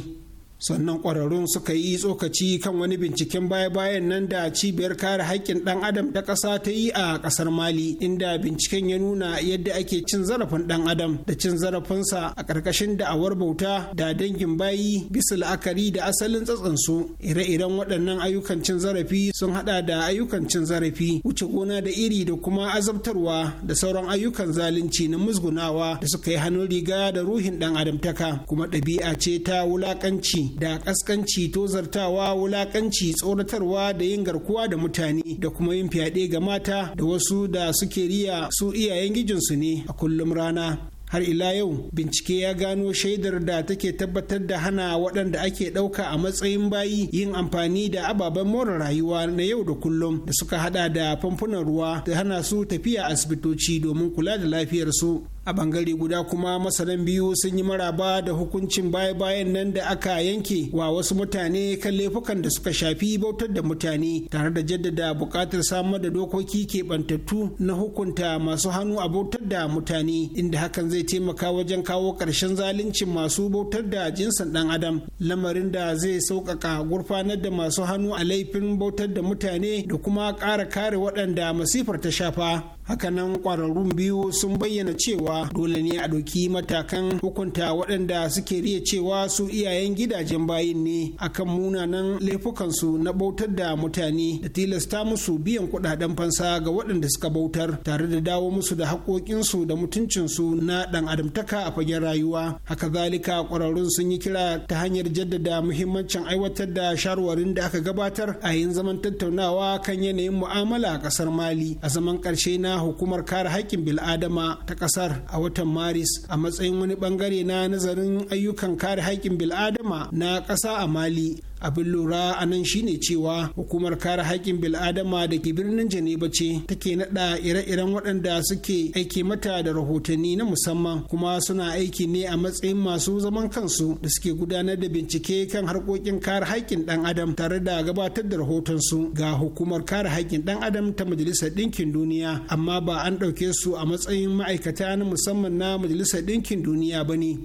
sannan kwararrun suka yi tsokaci kan wani binciken baya-bayan nan da cibiyar kare haƙƙin ɗan adam ta ƙasa ta yi a ƙasar mali inda binciken ya nuna yadda ake cin zarafin ɗan adam da cin zarafinsa a ƙarƙashin da'awar bauta da dangin bayi bisa la'akari da asalin tsatsansu ire-iren waɗannan ayyukan cin zarafi sun haɗa da ayyukan cin zarafi wuce gona da iri da kuma azabtarwa da sauran ayyukan zalunci na musgunawa da suka yi hannun riga da ruhin ɗan adamtaka kuma ɗabi'a ce ta wulaƙanci da kaskanci tozartawa wulakanci tsoratarwa da yin garkuwa da mutane da kuma yin fyaɗe ga mata da wasu da suke riya su iyayen gijinsu ne a kullum rana har ila yau bincike ya gano shaidar da take tabbatar da hana waɗanda ake ɗauka a matsayin bayi yin amfani da ababen more rayuwa na yau da kullum da suka hada da famfunan ruwa da hana su tafiya asibitoci domin kula da lafiyarsu a bangare guda kuma masanan biyu sun yi maraba da hukuncin baya-bayan nan da aka yanke wa wasu mutane kan laifukan da suka shafi bautar da mutane tare da jaddada bukatar samar da dokoki keɓantattu na hukunta masu hannu a bautar da mutane inda hakan zai taimaka wajen kawo ƙarshen zaluncin masu bautar da jinsin ɗan adam lamarin da zai sauƙaƙa gurfanar da masu hannu a laifin bautar da mutane da kuma ƙara kare waɗanda masifar ta shafa hakanan kwararrun biyu sun bayyana cewa dole ne a ɗauki matakan hukunta waɗanda suke riya cewa su iyayen gidajen bayin ne akan munanan laifukansu na bautar da mutane da tilasta musu biyan kuɗaɗen fansa ga waɗanda suka bautar tare da dawo musu da haƙoƙinsu da mutuncinsu na ɗan adamtaka a fagen rayuwa haka zalika kwararrun sun yi kira ta hanyar jaddada muhimmancin aiwatar da shawarwarin da aka gabatar a yin zaman tattaunawa kan yanayin mu'amala a ƙasar mali a zaman ƙarshe na na hukumar kare haƙƙin bil'adama ta ƙasar a watan maris a matsayin wani ɓangare na nazarin ayyukan kare haƙƙin bil'adama na ƙasa a mali abin lura a nan shine cewa hukumar kare haƙƙin bil'adama da ke birnin janeba ce take naɗa ire-iren waɗanda suke aiki mata da rahotanni na musamman kuma suna aiki ne a matsayin masu zaman kansu da suke gudanar da bincike kan harkokin kare haƙƙin ɗan adam tare da gabatar da rahotonsu ga hukumar kare haƙƙin ɗan adam ta majalisar ɗinkin duniya amma ba an ɗauke su a matsayin ma'aikata na musamman na majalisar ɗinkin duniya ba ne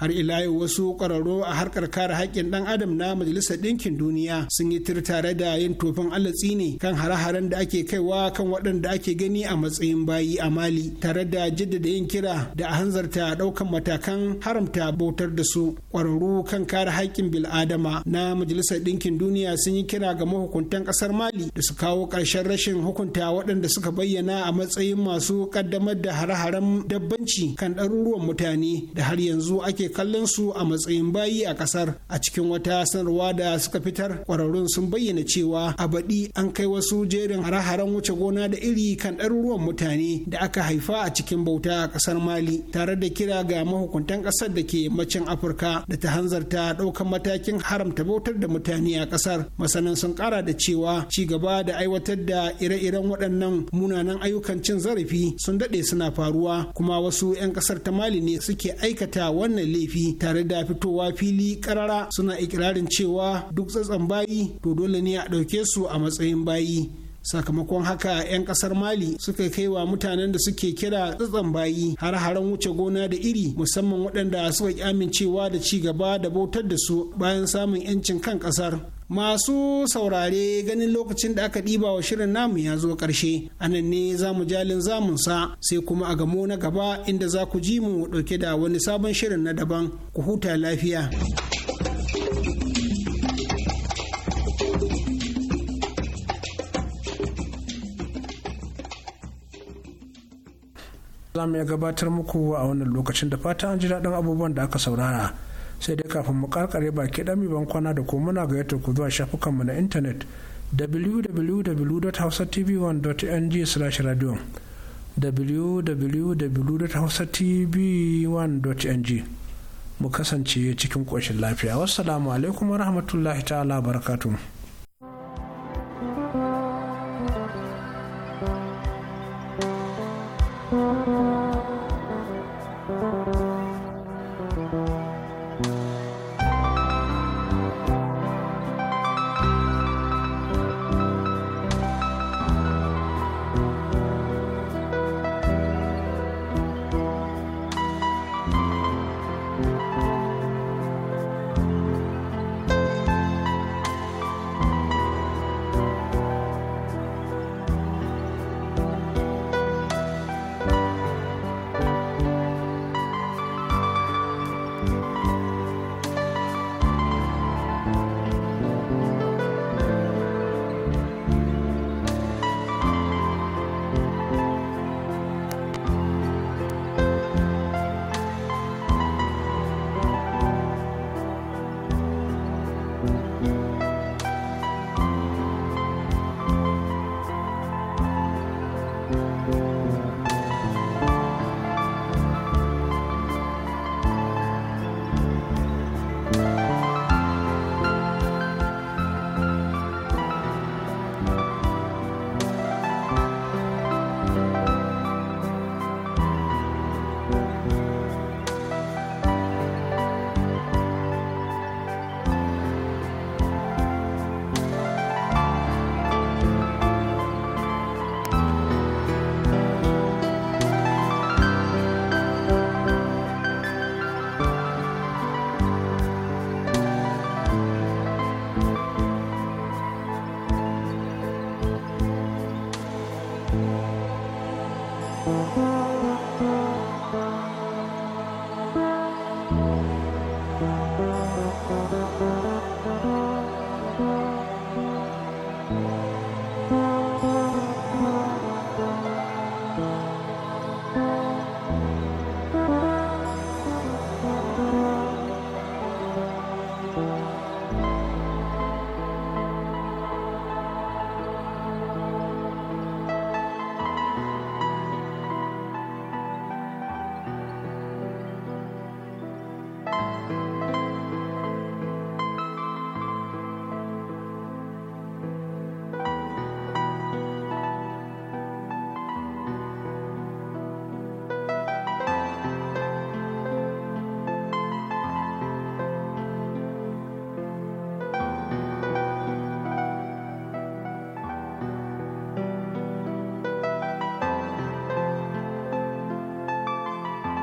har ila yau wasu ƙwararru a harkar kare haƙƙin ɗan adam na majalisar ɗinkin duniya sun yi tir tare da yin tofin alatsi ne kan hare-haren da ake kaiwa kan waɗanda ake gani a matsayin bayi a mali tare da jaddada yin kira da a hanzarta ɗaukan matakan haramta bautar da su ƙwararru kan kare haƙƙin bil'adama na majalisar ɗinkin duniya sun yi kira ga mahukuntan ƙasar mali da su kawo ƙarshen rashin hukunta waɗanda suka bayyana a matsayin masu ƙaddamar da hare-haren dabbanci kan ɗaruruwan mutane da har yanzu ake ke kallon su a matsayin bayi a kasar a cikin wata sanarwa da suka fitar kwararrun sun bayyana cewa a baɗi an kai wasu jerin hare-haren wuce gona da iri kan ɗaruruwan mutane da aka haifa a cikin bauta a kasar mali tare da kira ga mahukuntan kasar da ke macin afirka da ta hanzarta ɗaukar matakin haramta bautar da mutane a kasar masanan sun kara da cewa ci gaba da aiwatar da ire-iren waɗannan munanan ayyukan cin zarafi sun daɗe suna faruwa kuma wasu 'yan kasar ta mali ne suke aikata wannan laifi tare da fitowa fili karara suna ikirarin cewa duk tsatsan bayi to dole ne a ɗauke su a matsayin bayi sakamakon haka 'yan kasar mali suka kai wa mutanen da suke kira tsatsan bayi har haren wuce gona da iri musamman waɗanda suka ki amincewa da ci gaba da bautar da su bayan samun 'yancin kan ƙasar masu saurare ganin lokacin da aka ɗiba wa shirin namu ya zo ƙarshe anan ne za mu jalin zamunsa sai kuma a gamo na gaba inda za ku ji mu ɗauke da wani sabon shirin na daban ku huta lafiya. za mu iya gabatar muku a wannan lokacin da fata an ji daɗin abubuwan da aka saurara sai dai kafin mu karkare baki ɗami ban kwana da ko muna ga ku zuwa shafukanmu na intanet www.hausatv1.ng/radio www.hausatv1.ng mu kasance cikin ƙoshin lafiya wassalamu alaikum wa rahmatullahi ta'ala barakatuhu